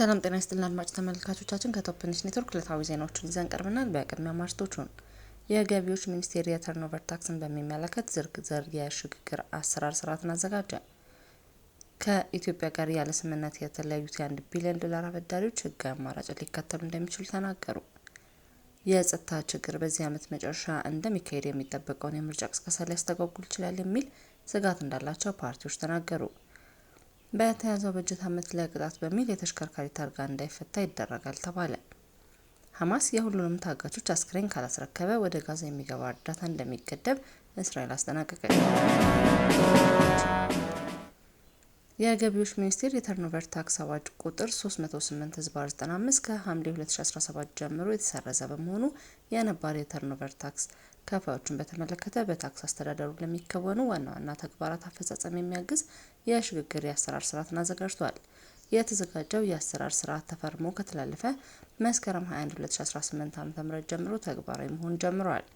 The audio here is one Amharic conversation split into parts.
ሰላም ጤና ይስጥልን አድማጭ ተመልካቾቻችን ከቶፕንሽ ኔትወርክ ዕለታዊ ዜናዎችን ይዘን ቀርበናል። በቅድሚያ ማርቶቹን የገቢዎች ሚኒስቴር የተርኖቨር ታክስን በሚመለከት ዝርዝር የሽግግር አሰራር ስርዓትን አዘጋጀ። ከኢትዮጵያ ጋር ያለ ስምምነት የተለያዩት የአንድ ቢሊዮን ዶላር አበዳሪዎች ህጋዊ አማራጭ ሊከተሉ እንደሚችሉ ተናገሩ። የጸጥታ ችግር በዚህ ዓመት መጨረሻ እንደሚካሄድ የሚጠበቀውን የምርጫ ቅስቀሳ ሊያስተጓጉል ይችላል የሚል ስጋት እንዳላቸው ፓርቲዎች ተናገሩ። በተያዘው በጀት ዓመት ለቅጣት በሚል የተሽከርካሪ ታርጋ እንዳይፈታ ይደረጋል ተባለ። ሐማስ የሁሉንም ታጋቾች አስክሬን ካላስረከበ ወደ ጋዛ የሚገባ እርዳታ እንደሚገደብ እስራኤል አስጠናቀቀች። የገቢዎች ሚኒስቴር የተርኖቨር ታክስ አዋጅ ቁጥር 308 ህዝባር 95 ከሐምሌ 2017 ጀምሮ የተሰረዘ በመሆኑ የነባር የተርኖቨር ታክስ ከፋዮቹን በተመለከተ በታክስ አስተዳደሩ ለሚከወኑ ዋና ዋና ተግባራት አፈጻጸም የሚያግዝ የሽግግር የአሰራር ስርዓትን አዘጋጅቷል። የተዘጋጀው የአሰራር ስርዓት ተፈርሞ ከተላለፈ መስከረም 21 2018 ዓ.ም ጀምሮ ተግባራዊ መሆን ጀምሯል።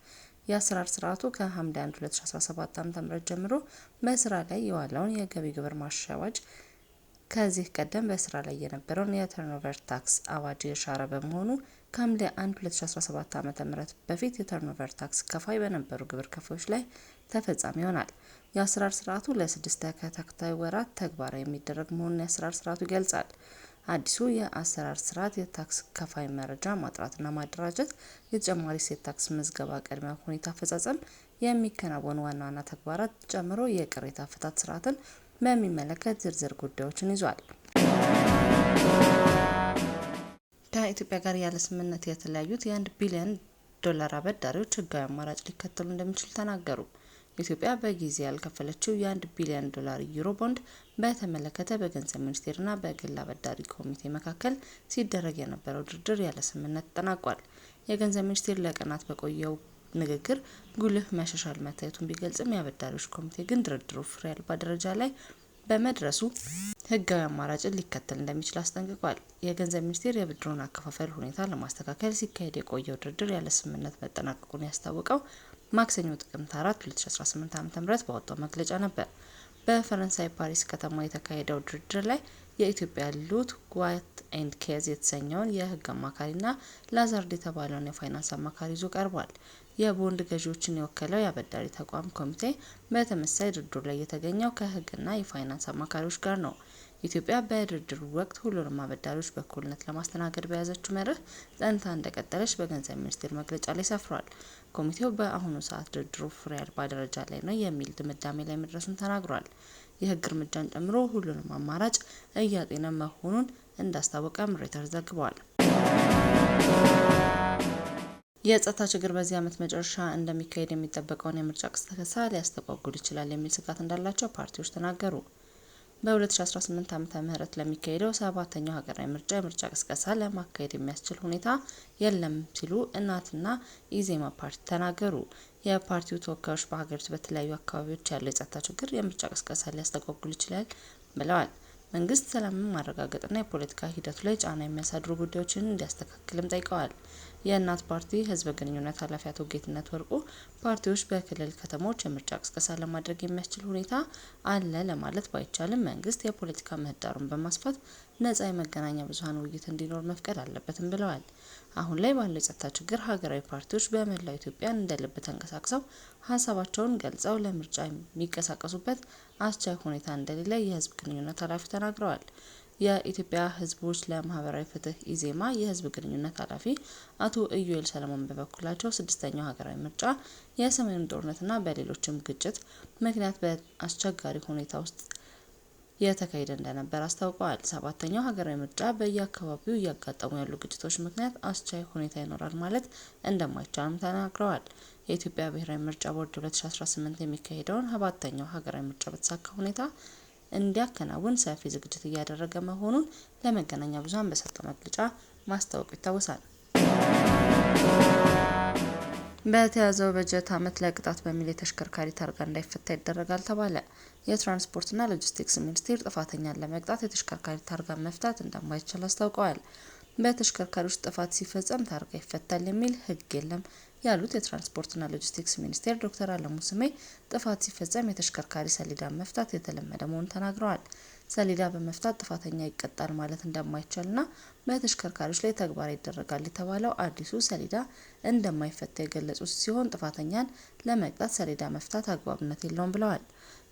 የአሰራር ስርዓቱ ከሐምሌ 1 2017 ዓ.ም ጀምሮ በስራ ላይ የዋለውን የገቢ ግብር ማሻሻያ አዋጅ ከዚህ ቀደም በስራ ላይ የነበረውን የተርኖቨር ታክስ አዋጅ የሻረ በመሆኑ ከሐምሌ 1 2017 ዓ.ም በፊት የተርኖቨር ታክስ ከፋይ በነበሩ ግብር ከፋዮች ላይ ተፈጻሚ ይሆናል። የአሰራር ስርዓቱ ለስድስት ተከታታይ ወራት ተግባራዊ የሚደረግ መሆኑን የአሰራር ስርዓቱ ይገልጻል። አዲሱ የአሰራር ስርዓት የታክስ ከፋይ መረጃ ማጥራትና ማደራጀት፣ የተጨማሪ እሴት ታክስ ምዝገባ ቅድመ ሁኔታ አፈጻጸም፣ የሚከናወኑ ዋና ዋና ተግባራት ጨምሮ የቅሬታ አፈታት ስርዓትን በሚመለከት ዝርዝር ጉዳዮችን ይዟል። ከኢትዮጵያ ጋር ያለ ስምምነት የተለያዩት የአንድ ቢሊዮን ዶላር አበዳሪዎች ህጋዊ አማራጭ ሊከተሉ እንደሚችሉ ተናገሩ። ኢትዮጵያ በጊዜ ያልከፈለችው የአንድ ቢሊዮን ዶላር ዩሮ ቦንድ በተመለከተ በገንዘብ ሚኒስቴርና በግል አበዳሪ ኮሚቴ መካከል ሲደረግ የነበረው ድርድር ያለ ስምምነት ተጠናቋል። የገንዘብ ሚኒስቴር ለቀናት በቆየው ንግግር ጉልህ መሻሻል መታየቱን ቢገልጽም የአበዳሪዎች ኮሚቴ ግን ድርድሩ ፍሬ አልባ ደረጃ ላይ በመድረሱ ህጋዊ አማራጭን ሊከተል እንደሚችል አስጠንቅቋል። የገንዘብ ሚኒስቴር የብድሩን አከፋፈል ሁኔታ ለማስተካከል ሲካሄድ የቆየው ድርድር ያለ ስምምነት መጠናቀቁን ያስታወቀው ማክሰኞ ጥቅምት 4 2018 ዓ.ም ባወጣው መግለጫ ነበር። በፈረንሳይ ፓሪስ ከተማ የተካሄደው ድርድር ላይ የኢትዮጵያ ሉት ጓት ኤንድ ኬዝ የተሰኘውን የህግ አማካሪና ላዛርድ የተባለውን የፋይናንስ አማካሪ ይዞ ቀርቧል። የቦንድ ገዢዎችን የወከለው የአበዳሪ ተቋም ኮሚቴ በተመሳሳይ ድርድሩ ላይ የተገኘው እና የፋይናንስ አማካሪዎች ጋር ነው። ኢትዮጵያ በድርድሩ ወቅት ሁሉንም አበዳሪዎች በእኩልነት ለማስተናገድ በያዘችው መርህ ጸንታ እንደቀጠለች በገንዘብ ሚኒስቴር መግለጫ ላይ ሰፍሯል። ኮሚቴው በአሁኑ ሰዓት ድርድሩ ፍሬ አልባ ደረጃ ላይ ነው የሚል ድምዳሜ ላይ መድረሱን ተናግሯል። የህግ እርምጃን ጨምሮ ሁሉንም አማራጭ እያጤነ መሆኑን እንዳስታወቀ ሮይተርስ ዘግቧል። የጸጥታ ችግር በዚህ ዓመት መጨረሻ እንደሚካሄድ የሚጠበቀውን የምርጫ ቅስቀሳ ሊያስተጓጉል ይችላል የሚል ስጋት እንዳላቸው ፓርቲዎች ተናገሩ። በ2018 ዓመተ ምህረት ለሚካሄደው ሰባተኛው ሀገራዊ ምርጫ የምርጫ ቅስቀሳ ለማካሄድ የሚያስችል ሁኔታ የለም ሲሉ እናትና ኢዜማ ፓርቲ ተናገሩ። የፓርቲው ተወካዮች በሀገሪቱ በተለያዩ አካባቢዎች ያለው የጸጥታ ችግር የምርጫ ቅስቀሳ ሊያስተጓጉል ይችላል ብለዋል። መንግስት ሰላምን ማረጋገጥና የፖለቲካ ሂደቱ ላይ ጫና የሚያሳድሩ ጉዳዮችን እንዲያስተካክልም ጠይቀዋል። የእናት ፓርቲ ህዝብ ግንኙነት ኃላፊ አቶ ጌትነት ወርቁ ፓርቲዎች በክልል ከተሞች የምርጫ ቅስቀሳ ለማድረግ የሚያስችል ሁኔታ አለ ለማለት ባይቻልም መንግስት የፖለቲካ ምህዳሩን በማስፋት ነጻ የመገናኛ ብዙሃን ውይይት እንዲኖር መፍቀድ አለበትም ብለዋል። አሁን ላይ ባለው የጸጥታ ችግር ሀገራዊ ፓርቲዎች በመላው ኢትዮጵያ እንደ ልብ ተንቀሳቅሰው ሀሳባቸውን ገልጸው ለምርጫ የሚንቀሳቀሱበት አስቻይ ሁኔታ እንደሌለ የህዝብ ግንኙነት ኃላፊ ተናግረዋል። የኢትዮጵያ ህዝቦች ለማህበራዊ ፍትህ ኢዜማ የህዝብ ግንኙነት ኃላፊ አቶ ኢዩኤል ሰለሞን በበኩላቸው ስድስተኛው ሀገራዊ ምርጫ የሰሜኑ ጦርነትና በሌሎችም ግጭት ምክንያት በአስቸጋሪ ሁኔታ ውስጥ የተካሄደ እንደነበር አስታውቀዋል። ሰባተኛው ሀገራዊ ምርጫ በየአካባቢው እያጋጠሙ ያሉ ግጭቶች ምክንያት አስቻይ ሁኔታ ይኖራል ማለት እንደማይቻልም ተናግረዋል። የኢትዮጵያ ብሔራዊ ምርጫ ቦርድ 2018 የሚካሄደውን ሰባተኛው ሀገራዊ ምርጫ በተሳካ ሁኔታ እንዲያከናውን ሰፊ ዝግጅት እያደረገ መሆኑን ለመገናኛ ብዙኃን በሰጠው መግለጫ ማስታወቁ ይታወሳል። በተያዘው በጀት ዓመት ለቅጣት በሚል የተሽከርካሪ ታርጋ እንዳይፈታ ይደረጋል ተባለ። የትራንስፖርትና ሎጂስቲክስ ሚኒስቴር ጥፋተኛን ለመቅጣት የተሽከርካሪ ታርጋ መፍታት እንደማይቻል አስታውቀዋል። በተሽከርካሪዎች ጥፋት ሲፈጸም ታርጋ ይፈታል የሚል ሕግ የለም ያሉት የትራንስፖርትና ሎጂስቲክስ ሚኒስቴር ዶክተር አለሙ ስሜ ጥፋት ሲፈጸም የተሽከርካሪ ሰሌዳ መፍታት የተለመደ መሆኑን ተናግረዋል። ሰሌዳ በመፍታት ጥፋተኛ ይቀጣል ማለት እንደማይቻልና በተሽከርካሪዎች ላይ ተግባራዊ ይደረጋል የተባለው አዲሱ ሰሌዳ እንደማይፈታ የገለጹ ሲሆን ጥፋተኛን ለመቅጣት ሰሌዳ መፍታት አግባብነት የለውም ብለዋል።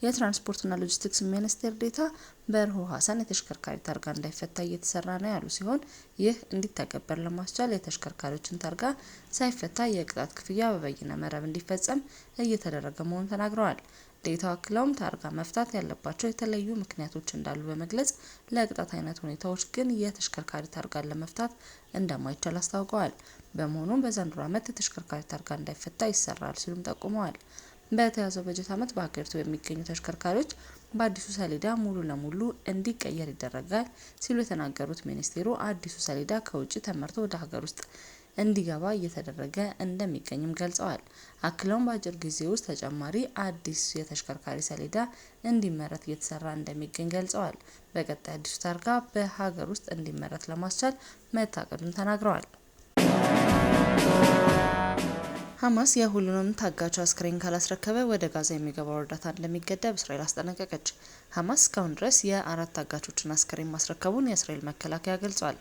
የትራንስፖርትና ሎጂስቲክስ ሚኒስቴር ዴታ በርሆ ሀሰን የተሽከርካሪ ታርጋ እንዳይፈታ እየተሰራ ነው ያሉ ሲሆን ይህ እንዲተገበር ለማስቻል የተሽከርካሪዎችን ታርጋ ሳይፈታ የቅጣት ክፍያ በበይነ መረብ እንዲፈጸም እየተደረገ መሆኑን ተናግረዋል። ዴታ አክለውም ታርጋ መፍታት ያለባቸው የተለዩ ምክንያቶች እንዳሉ በመግለጽ ለቅጣት አይነት ሁኔታዎች ግን የተሽከርካሪ ታርጋን ለመፍታት እንደማይቻል አስታውቀዋል። በመሆኑም በዘንድሮ ዓመት የተሽከርካሪ ታርጋ እንዳይፈታ ይሰራል ሲሉም ጠቁመዋል። በተያዘው በጀት ዓመት በሀገሪቱ የሚገኙ ተሽከርካሪዎች በአዲሱ ሰሌዳ ሙሉ ለሙሉ እንዲቀየር ይደረጋል ሲሉ የተናገሩት ሚኒስቴሩ አዲሱ ሰሌዳ ከውጭ ተመርቶ ወደ ሀገር ውስጥ እንዲገባ እየተደረገ እንደሚገኝም ገልጸዋል። አክለውም በአጭር ጊዜ ውስጥ ተጨማሪ አዲስ የተሽከርካሪ ሰሌዳ እንዲመረት እየተሰራ እንደሚገኝ ገልጸዋል። በቀጣይ አዲሱ ታርጋ በሀገር ውስጥ እንዲመረት ለማስቻል መታቀዱን ተናግረዋል። ሐማስ የሁሉንም ታጋች አስክሬን ካላስረከበ ወደ ጋዛ የሚገባው እርዳታ እንደሚገደብ እስራኤል አስጠነቀቀች። ሐማስ እስካሁን ድረስ የአራት ታጋቾችን አስክሬን ማስረከቡን የእስራኤል መከላከያ ገልጿል።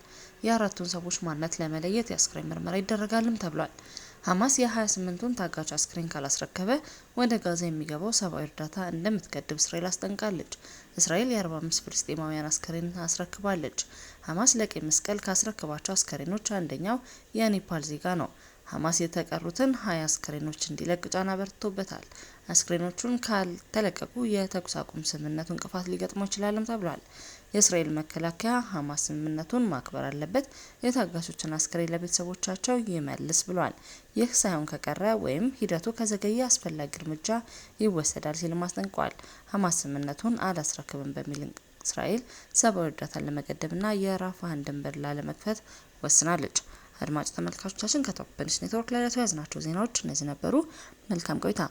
የአራቱን ሰዎች ማንነት ለመለየት የአስክሬን ምርመራ ይደረጋልም ተብሏል። ሐማስ የ28ቱን ታጋች አስክሬን ካላስረከበ ወደ ጋዛ የሚገባው ሰብአዊ እርዳታ እንደምትገድብ እስራኤል አስጠንቃለች። እስራኤል የ45 ፍልስጤማውያን አስክሬን አስረክባለች። ሐማስ ለቀይ መስቀል ካስረክባቸው አስክሬኖች አንደኛው የኔፓል ዜጋ ነው። ሐማስ የተቀሩትን ሀያ አስክሬኖች እንዲለቅ ጫና በርቶበታል። አስክሬኖቹን ካልተለቀቁ የተኩስ አቁም ስምምነቱ እንቅፋት ሊገጥመው ይችላልም ተብሏል። የእስራኤል መከላከያ ሐማስ ስምምነቱን ማክበር አለበት፣ የታጋቾችን አስክሬን ለቤተሰቦቻቸው ይመልስ ብሏል። ይህ ሳይሆን ከቀረ ወይም ሂደቱ ከዘገየ አስፈላጊ እርምጃ ይወሰዳል ሲልም አስጠንቅቋል። ሐማስ ስምምነቱን አላስረክብም በሚል እስራኤል ሰብአዊ እርዳታን ለመገደብና የራፋህን ድንበር ላለመክፈት ወስናለች። አድማጭ ተመልካቾቻችን ከቶፕንሽ ኔትወርክ ላይ ለተያዝናቸው ዜናዎች እነዚህ ነበሩ። መልካም ቆይታ